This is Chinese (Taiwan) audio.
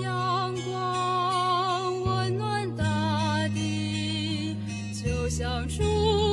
陽光溫暖大地，就像主。